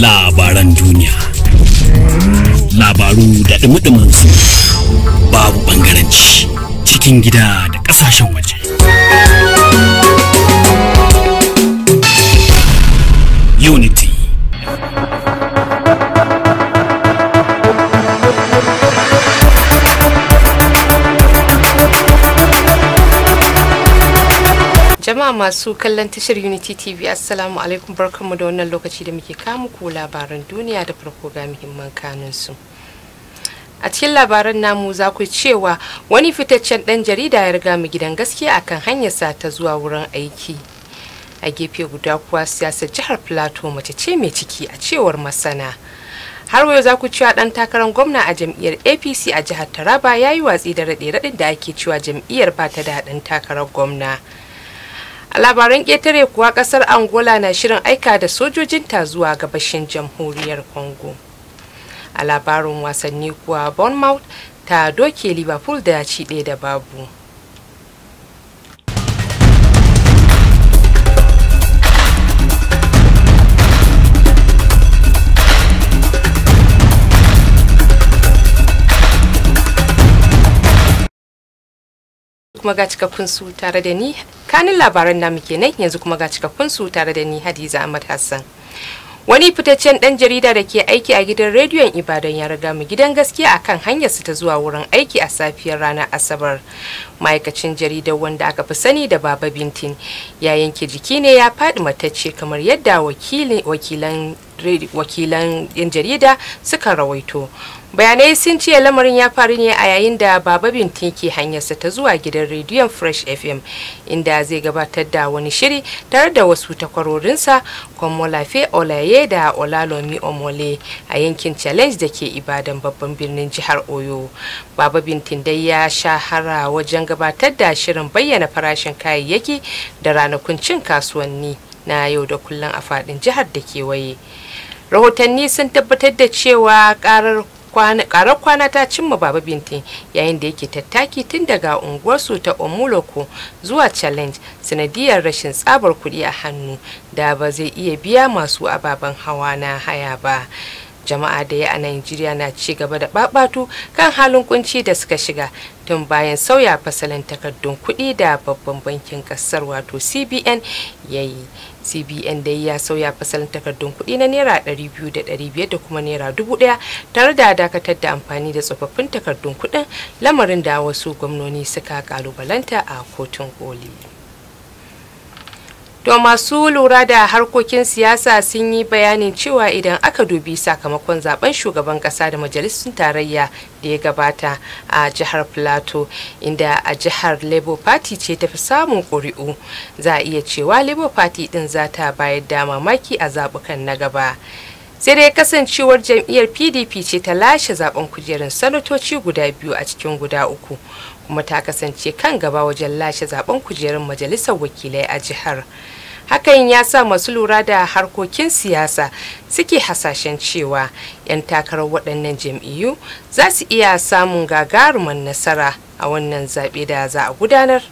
labaran duniya labaru da dumi su babu bangaranci cikin gida da ƙasashen waje unit a masu kallon tashar unity tv assalamu alaikum barkanmu da wannan lokaci da muke kamu ku labaran duniya da farko ga muhimman kanunsu a cikin labaran namu za ku cewa wani fitaccen dan jarida ya riga mu gidan gaskiya akan hanyarsa ta zuwa wurin aiki a gefe guda kuwa siyasar jihar plateau mace ce mai ciki a cewar masana har wayo za ku cewa dan takarar gwamna a jam'iyyar apc a jihar taraba ya yi watsi da raɗe-raɗin da ake cewa jam'iyyar ba ta da haɗin takarar gwamna a labaran ƙetare kuwa ƙasar angola na shirin aika da sojojinta zuwa gabashin jamhuriyar congo a labarin wasanni kuwa bournemouth ta doke liverpool da ci ɗaya da babu kuma ga cikakkun su tare da ni kanin labaran namu nan yanzu kuma ga cikakkun su tare da ni Hadiza Ahmad Hassan. Wani fitaccen dan jarida da ke aiki a gidan rediyon Ibadan ya riga mu gidan gaskiya akan su ta zuwa wurin aiki a safiyar ranar Asabar. Ma'aikacin jaridar wanda aka fi sani da Baba Bintin ya yanke jiki ne ya faɗi matacce kamar yadda wakilan wakilan 'yan jarida suka rawaito bayanai sun ce lamarin ya faru ne a yayin da baba binti ke hanyarsa ta zuwa gidan rediyon fresh fm inda zai gabatar da wani shiri tare da wasu takwarorinsa kwamolafe olaye da olalomi omole a yankin challenge da ke ibadan babban birnin jihar oyo baba bintin dai ya shahara wajen gabatar da shirin bayyana farashin kayayyaki da ranakun cin kasuwanni na yau da kullum a fadin jihar da kewaye rahotanni sun tabbatar da cewa karar karar kwana ta cimma baba binti yayin da yake tattaki tun daga unguwarsu ta omuloko zuwa challenge sanadiyar rashin tsabar kuɗi a hannu da ba zai iya biya masu ababen hawa na haya ba jama'a da ya a Najeriya na ci gaba da babatu kan halin kunci da suka shiga tun bayan sauya fasalin takardun kuɗi da babban bankin kasar wato CBN ya yi. CBN da ya sauya fasalin takardun kuɗi na naira 200 da 500 da kuma naira 1000 tare da dakatar da amfani da tsofaffin takardun kuɗin lamarin da wasu gwamnoni suka kalubalanta a kotun koli. To masu lura da harkokin siyasa sun yi bayanin cewa idan aka dubi sakamakon zaben shugaban kasa da majalisun tarayya da ya gabata a jihar plato inda a jihar Labour Party ce tafi samun ƙuri'u za a iya cewa Labour Party din za ta bayar da mamaki a zabukan na gaba. sai dai kasancewar jam'iyyar pdp ce ta lashe zaben kujerun sanatoci guda biyu a cikin guda uku kuma ta kasance kan gaba wajen lashe zaben kujerun majalisar wakilai a jihar hakan ya sa masu lura da harkokin siyasa suke hasashen cewa 'yan takarar waɗannan jam'iyyu za su iya samun gagarumar nasara a wannan zaɓe da za a gudanar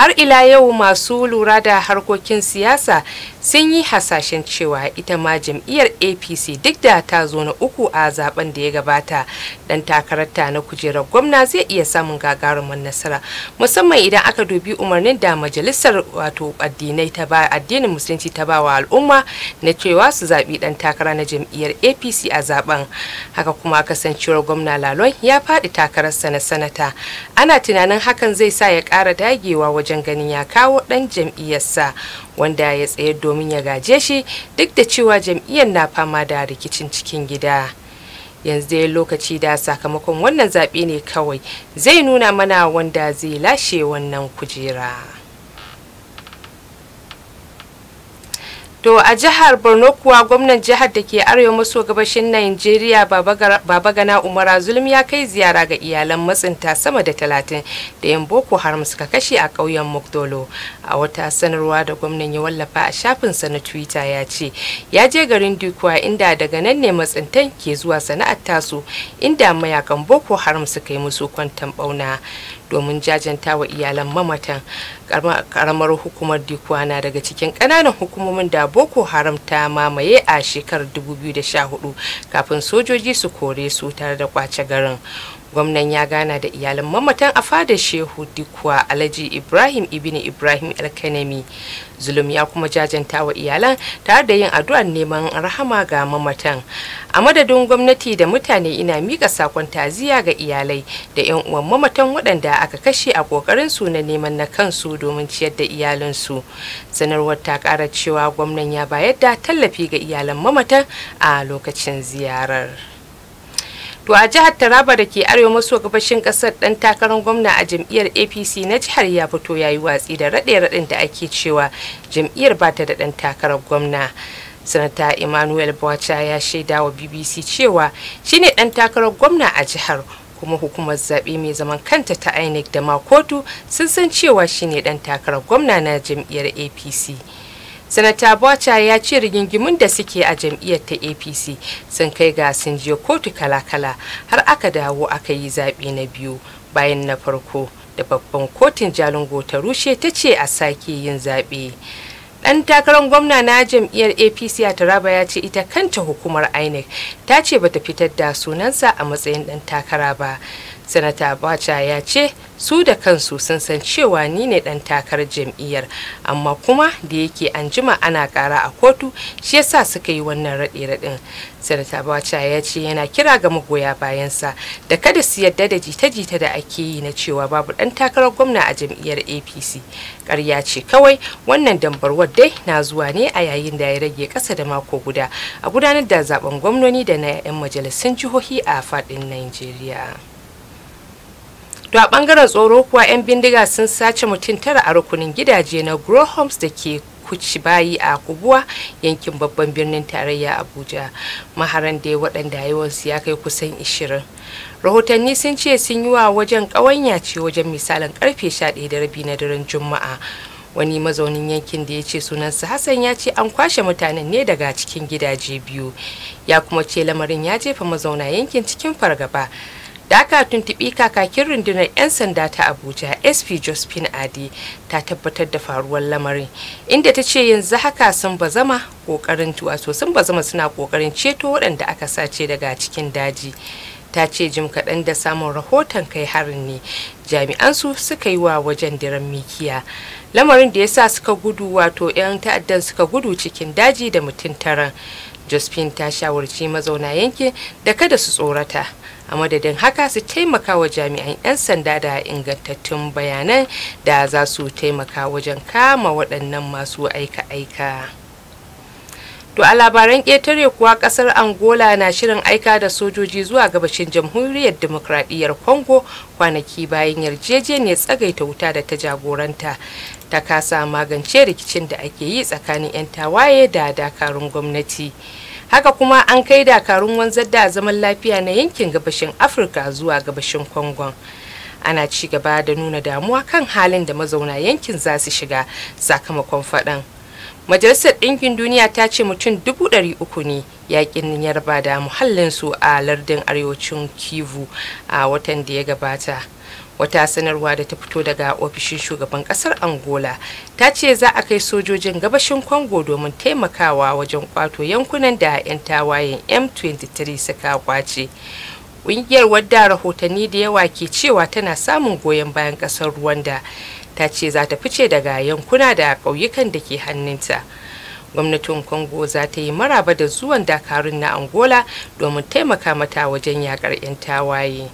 har ila yau masu lura da harkokin siyasa sun yi hasashen cewa ita ma jam'iyyar apc duk da ta zo na uku a zaben da ya gabata dan takararta na kujerar gwamna zai iya samun gagarumin nasara musamman idan aka dubi umarnin da majalisar wato addinai ta ba addinin musulunci ta ba wa al'umma na cewa su zaɓi dan takara na jam'iyyar apc a zaben haka kuma kasancewar gwamna lalon ya faɗi takararsa na sanata ana tunanin hakan zai sa ya ƙara dagewa wajen ganin ya kawo ɗan jam'iyyarsa wanda ya tsayar domin ya gaje shi duk da cewa jam'iyyar na fama da rikicin cikin gida yanzu dai lokaci da sakamakon wannan zaɓe ne kawai zai nuna mana wanda zai lashe wannan kujera. To a jihar Borno kuwa gwamnan jihar da ke arewa maso gabashin nigeria Baba Gana Umara Zulum ya kai ziyara ga iyalan matsinta sama da talatin da yan Boko Haram suka kashe a ƙauyen Mokdolo. A wata sanarwa da gwamnan ya wallafa a shafinsa na Twitter ya ce ya je garin Dukwa inda daga nan ne matsintan ke zuwa sana'ar tasu inda mayakan Boko Haram suka yi musu kwantan ɓauna. domin jajanta wa iyalan mamatan karamar hukumar dikwana daga cikin kananan hukumomin da boko haram ta mamaye a shekarar 2014 kafin sojoji su kore su tare da kwace garin gwamnan ya gana da iyalan mamatan a fada shehu dikwa alhaji ibrahim ibn ibrahim alkanami zulum ya kuma jajanta wa iyalan tare da yin addu'ar neman rahama ga mamatan a madadin gwamnati da mutane ina mika sakon taziya ga iyalai da yan uwan mamatan waɗanda aka kashe a kokarin su na neman na kansu domin ciyar da iyalin su sanarwar ta kara cewa gwamnan ya bayar da tallafi ga iyalan mamatan a lokacin ziyarar To a jihar Taraba da ke arewa maso gabashin kasar dan takarar gwamna a jam'iyyar APC na jihar ya fito ya yi watsi da raɗe-raɗin da ake cewa jam'iyyar ba ta da dan takarar gwamna. Sanata Emmanuel Bwacha ya shaida wa BBC cewa shine dan takarar gwamna a jihar kuma hukumar zaɓe mai zaman kanta ta INEC da makoto sun san cewa shine dan takarar gwamna na jam'iyyar APC. sanata bocha ya ce rigingimun da suke a jam'iyyar ta apc sun kai ga sun je kotu kala-kala har aka dawo aka yi zaɓe na biyu bayan na farko da babban kotun jalingo ta rushe ta ce a sake yin zaɓe ɗan takarar gwamna na jam'iyyar apc a taraba ya ce ita kanta hukumar inec ta ce bata fitar da sunansa a matsayin ɗan takara ba sanata abacha ya ce su da kansu sun san cewa ni ne dan takarar jam'iyyar amma kuma da yake an jima ana kara a kotu shi yasa suka yi wannan raɗe raɗin sanata abacha ya ce yana kira ga magoya bayansa da kada su yadda da jita-jita da ake yi na cewa babu dan takarar gwamna a jam'iyyar apc ƙarya ce kawai wannan dambarwar dai na zuwa ne a yayin da ya rage ƙasa da mako guda a gudanar da zaben gwamnoni da na 'yan majalisun jihohi a faɗin najeriya To a bangaren tsoro kuwa 'yan bindiga sun sace mutum tara a rukunin gidaje na Grow Homes da ke kuci bayi a kubuwa yankin babban birnin tarayya abuja maharan da waɗanda yawansu ya kai kusan 20 rahotanni sun ce sun yi wa wajen ƙawanya ce wajen misalin karfe 11 da rabi na daren juma'a wani mazaunin yankin da ya ce sunansa hassan ya ce an kwashe mutanen ne daga cikin gidaje biyu ya kuma ce lamarin ya jefa mazauna yankin cikin fargaba da aka tuntuɓi kakakin rundunar 'yan sanda ta abuja sp josephine adi ta tabbatar da faruwar lamarin inda ta ce yanzu haka sun ba bazama kokarin wato sun zama suna kokarin ceto waɗanda aka sace daga cikin daji ta ce jim kaɗan da samun rahoton kai harin ne jami'an su suka yi wa wajen diran mikiya lamarin da ya sa suka gudu wato 'yan ta'addan suka gudu cikin daji da mutum taron josephine ta shawarci mazauna yankin da kada su tsorata a madadin haka su taimaka wa jami'an 'yan sanda da ingantattun bayanan da za su taimaka wajen kama waɗannan masu aika-aika. To a labaran ƙetare kuwa ƙasar Angola na shirin aika da sojoji zuwa gabashin jamhuriyar demokradiyyar Congo kwanaki bayan yarjejeniyar tsagaita wuta da ta jagoranta ta kasa magance rikicin da ake yi tsakanin 'yan tawaye da dakarun gwamnati. haka kuma an kai dakarun wanzar da zaman lafiya na yankin gabashin afirka zuwa gabashin kwangon ana ci gaba da nuna damuwa kan halin da mazauna yankin za su shiga sakamakon faɗan majalisar ɗinkin duniya ta ce mutum dubu ɗari uku ne yaƙin yarba da muhallinsu a lardin arewacin kivu a watan da ya gabata wata sanarwa da ta fito daga ofishin shugaban kasar angola ta ce za a kai sojojin gabashin congo domin taimakawa wajen kwato yankunan da 'yan tawayen m23 suka kwace ƙungiyar wadda rahotanni da yawa ke cewa tana samun goyon bayan ƙasar rwanda ta ce za ta fice daga yankuna da ƙauyukan da ke hannunta gwamnatin congo za ta yi maraba da zuwan dakarun na angola domin taimaka mata wajen yakar 'yan tawaye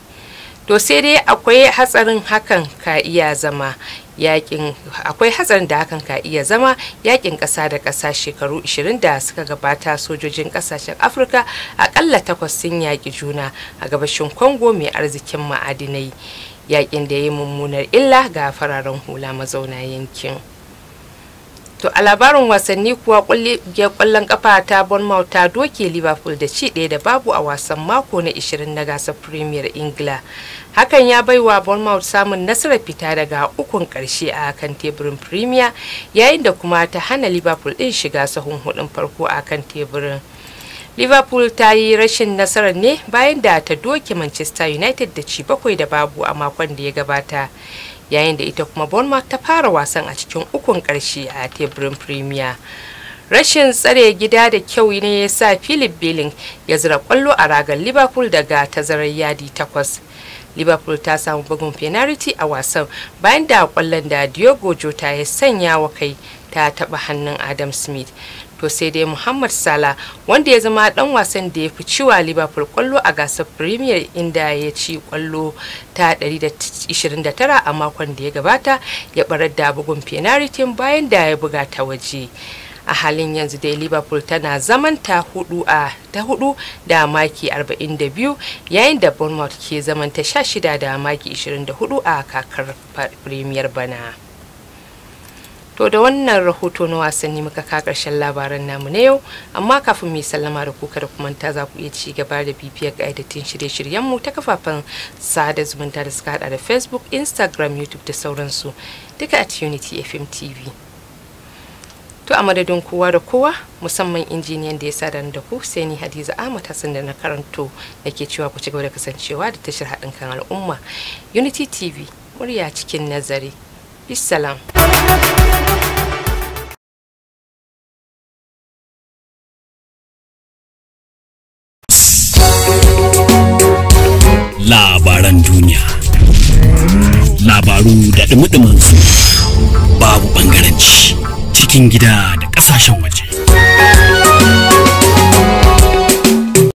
to sai dai akwai hatsarin hakan ka iya zama yakin akwai hatsarin da hakan ka iya zama yakin ƙasa da ƙasa shekaru 20 da suka gabata sojojin ƙasashen afirka akalla takwas sun yaki juna a gabashin congo mai arzikin ma'adinai yakin da ya yi mummunar illa ga fararen hula mazauna yankin. To a labarin wasanni kuwa kungiyar kwallon kafa ta Bournemouth ta doke Liverpool da ci ɗaya da babu a wasan mako na 20 na gasar Premier Ingila. Hakan ya baiwa Bournemouth samun nasarar fita daga ukun karshe a kan teburin Premier yayin da kuma ta hana Liverpool ɗin shiga sahun hudun farko a kan teburin. Liverpool ta yi rashin nasarar ne bayan da ta doke Manchester United da ci bakwai da babu a makon da ya gabata. yayin da ita kuma bournemouth ta fara wasan a cikin ukun ƙarshe a teburin premier rashin tsare gida da kyau ne ya sa philip billing ya zira kwallo a ragar liverpool daga tazarar yadi takwas liverpool ta samu bugun penalty a wasan bayan da kwallon da diogo jota ya sanya wa kai ta taba hannun adam smith to sai dai muhammad sala wanda ya zama dan wasan da ya fi ciwa liverpool kwallo a gasar premier inda ya ci kwallo ta 129 a makon da ya gabata ya barar da bugun penalty bayan da ya buga ta waje a halin yanzu dai liverpool tana zaman ta hudu a ta hudu da maki 42 yayin da bournemouth ke zaman ta 16 da maki 24 a kakar premier bana. to da wannan rahoto na wasanni muka ka karshen labaran namu na yau amma kafin mu sallama da kuka da kuma ta za ku iya ci gaba da bibiyar kaidatattun shirye-shiryen mu ta kafafen sada zumunta da suka hada da facebook instagram youtube da sauransu duka at unity fm tv to a madadin kowa da kowa musamman injiniyan da ya sa da ku sai ni hadiza ahmad hassan da na karanto nake cewa ku ci gaba da kasancewa da tashar haɗin kan al'umma unity tv murya cikin nazari salam. labaran duniya labaru da dumi su babu bangaranci cikin gida da ƙasashen waje